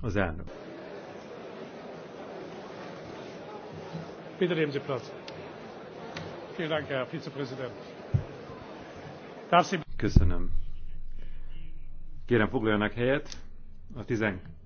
Az elnök. Bitte nehmen Sie Platz. Vielen Dank, Herr Vizepräsident. Köszönöm. Kérem foglaljanak helyet a 12.